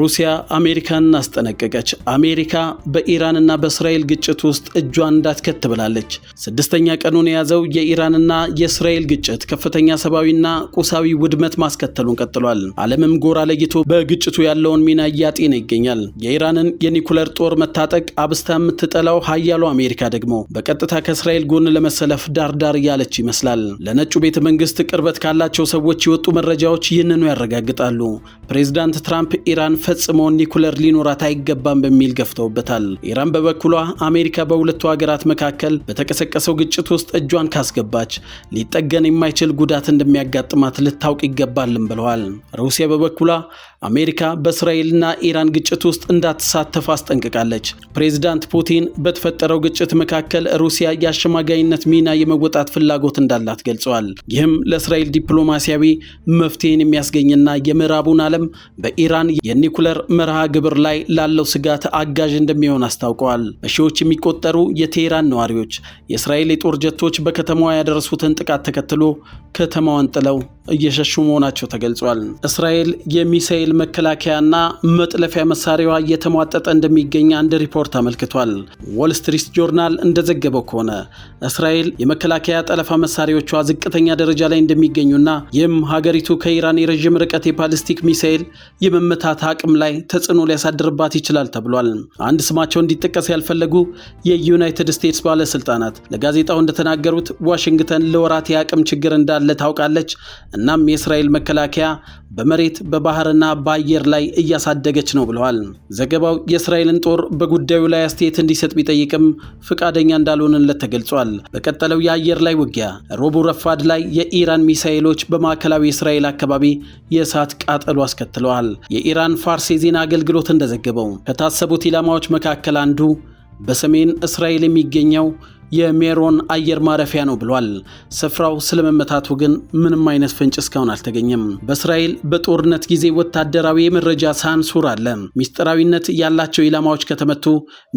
ሩሲያ አሜሪካን አስጠነቀቀች። አሜሪካ በኢራንና በእስራኤል ግጭት ውስጥ እጇን እንዳትከት ብላለች። ስድስተኛ ቀኑን የያዘው የኢራንና የእስራኤል ግጭት ከፍተኛ ሰብአዊና ቁሳዊ ውድመት ማስከተሉን ቀጥሏል። ዓለምም ጎራ ለይቶ በግጭቱ ያለውን ሚና እያጤነ ይገኛል። የኢራንን የኒኩለር ጦር መታጠቅ አብስታ የምትጠላው ሀያሉ አሜሪካ ደግሞ በቀጥታ ከእስራኤል ጎን ለመሰለፍ ዳርዳር እያለች ይመስላል። ለነጩ ቤተ መንግስት ቅርበት ካላቸው ሰዎች የወጡ መረጃዎች ይህንኑ ያረጋግጣሉ። ፕሬዚዳንት ትራምፕ ኢራን ፈጽሞ ኒኩለር ሊኖራት አይገባም በሚል ገፍተውበታል። ኢራን በበኩሏ አሜሪካ በሁለቱ ሀገራት መካከል በተቀሰቀሰው ግጭት ውስጥ እጇን ካስገባች ሊጠገን የማይችል ጉዳት እንደሚያጋጥማት ልታውቅ ይገባልም ብለዋል። ሩሲያ በበኩሏ አሜሪካ በእስራኤልና ኢራን ግጭት ውስጥ እንዳትሳተፍ አስጠንቅቃለች። ፕሬዚዳንት ፑቲን በተፈጠረው ግጭት መካከል ሩሲያ የአሸማጋይነት ሚና የመወጣት ፍላጎት እንዳላት ገልጸዋል። ይህም ለእስራኤል ዲፕሎማሲያዊ መፍትሄን የሚያስገኝና የምዕራቡን ዓለም በኢራን የኒ የኒኩለር መርሃ ግብር ላይ ላለው ስጋት አጋዥ እንደሚሆን አስታውቀዋል። በሺዎች የሚቆጠሩ የቴሄራን ነዋሪዎች የእስራኤል የጦር ጀቶች በከተማዋ ያደረሱትን ጥቃት ተከትሎ ከተማዋን ጥለው እየሸሹ መሆናቸው ተገልጿል። እስራኤል የሚሳኤል መከላከያና መጥለፊያ መሳሪያዋ እየተሟጠጠ እንደሚገኝ አንድ ሪፖርት አመልክቷል። ወልስትሪት ጆርናል እንደዘገበው ከሆነ እስራኤል የመከላከያ ጠለፋ መሳሪያዎቿ ዝቅተኛ ደረጃ ላይ እንደሚገኙና ይህም ሀገሪቱ ከኢራን የረዥም ርቀት የባሊስቲክ ሚሳኤል የመመታት አቅም አቅም ላይ ተጽዕኖ ሊያሳድርባት ይችላል ተብሏል። አንድ ስማቸው እንዲጠቀስ ያልፈለጉ የዩናይትድ ስቴትስ ባለስልጣናት ለጋዜጣው እንደተናገሩት ዋሽንግተን ለወራት የአቅም ችግር እንዳለ ታውቃለች። እናም የእስራኤል መከላከያ በመሬት በባህርና በአየር ላይ እያሳደገች ነው ብለዋል። ዘገባው የእስራኤልን ጦር በጉዳዩ ላይ አስተያየት እንዲሰጥ ቢጠይቅም ፍቃደኛ እንዳልሆነለት ተገልጿል። በቀጠለው የአየር ላይ ውጊያ ሮቡ ረፋድ ላይ የኢራን ሚሳኤሎች በማዕከላዊ እስራኤል አካባቢ የእሳት ቃጠሎ አስከትለዋል። የኢራን ፋርስ የዜና አገልግሎት እንደዘገበው ከታሰቡት ኢላማዎች መካከል አንዱ በሰሜን እስራኤል የሚገኘው የሜሮን አየር ማረፊያ ነው ብሏል። ስፍራው ስለመመታቱ ግን ምንም አይነት ፍንጭ እስካሁን አልተገኘም። በእስራኤል በጦርነት ጊዜ ወታደራዊ የመረጃ ሳንሱር አለ። ሚስጥራዊነት ያላቸው ኢላማዎች ከተመቱ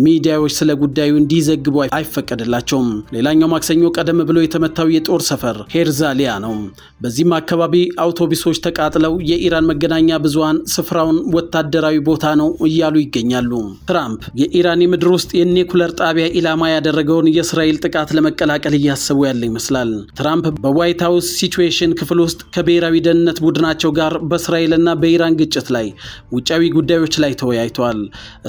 ሚዲያዎች ስለ ጉዳዩ እንዲዘግቡ አይፈቀድላቸውም። ሌላኛው ማክሰኞ ቀደም ብሎ የተመታው የጦር ሰፈር ሄርዛሊያ ነው። በዚህም አካባቢ አውቶቡሶች ተቃጥለው የኢራን መገናኛ ብዙሃን ስፍራውን ወታደራዊ ቦታ ነው እያሉ ይገኛሉ። ትራምፕ የኢራን የምድር ውስጥ የኒኩለር ጣቢያ ኢላማ ያደረገውን የስ የእስራኤል ጥቃት ለመቀላቀል እያሰቡ ያለ ይመስላል። ትራምፕ በዋይት ሀውስ ሲቹዌሽን ክፍል ውስጥ ከብሔራዊ ደህንነት ቡድናቸው ጋር በእስራኤልና በኢራን ግጭት ላይ ውጫዊ ጉዳዮች ላይ ተወያይተዋል።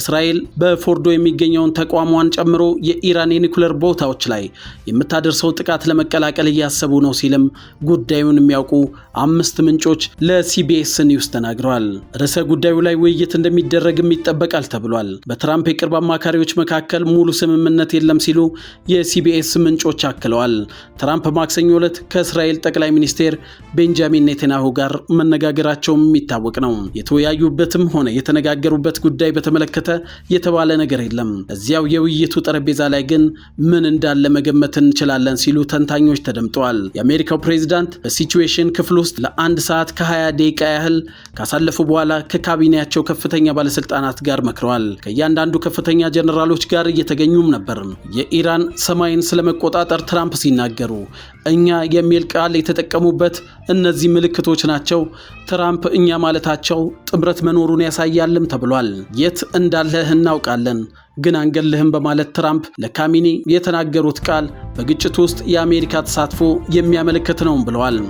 እስራኤል በፎርዶ የሚገኘውን ተቋሟን ጨምሮ የኢራን የኒኩለር ቦታዎች ላይ የምታደርሰው ጥቃት ለመቀላቀል እያሰቡ ነው ሲልም ጉዳዩን የሚያውቁ አምስት ምንጮች ለሲቢኤስ ኒውስ ተናግረዋል። ርዕሰ ጉዳዩ ላይ ውይይት እንደሚደረግም ይጠበቃል ተብሏል። በትራምፕ የቅርብ አማካሪዎች መካከል ሙሉ ስምምነት የለም ሲሉ የሲቢኤስ ምንጮች አክለዋል። ትራምፕ ማክሰኞ ዕለት ከእስራኤል ጠቅላይ ሚኒስቴር ቤንጃሚን ኔተንያሁ ጋር መነጋገራቸውም የሚታወቅ ነው። የተወያዩበትም ሆነ የተነጋገሩበት ጉዳይ በተመለከተ የተባለ ነገር የለም። እዚያው የውይይቱ ጠረጴዛ ላይ ግን ምን እንዳለ መገመት እንችላለን ሲሉ ተንታኞች ተደምጠዋል። የአሜሪካው ፕሬዚዳንት በሲቹዌሽን ክፍል ውስጥ ለአንድ ሰዓት ከ20 ደቂቃ ያህል ካሳለፉ በኋላ ከካቢኔያቸው ከፍተኛ ባለስልጣናት ጋር መክረዋል። ከእያንዳንዱ ከፍተኛ ጀነራሎች ጋር እየተገኙም ነበር። የኢራን ሰማይን ስለመቆጣጠር ትራምፕ ሲናገሩ እኛ የሚል ቃል የተጠቀሙበት እነዚህ ምልክቶች ናቸው። ትራምፕ እኛ ማለታቸው ጥምረት መኖሩን ያሳያልም ተብሏል። የት እንዳለህ እናውቃለን ግን አንገልህም በማለት ትራምፕ ለካሚኒ የተናገሩት ቃል በግጭት ውስጥ የአሜሪካ ተሳትፎ የሚያመለክት ነው ብለዋል።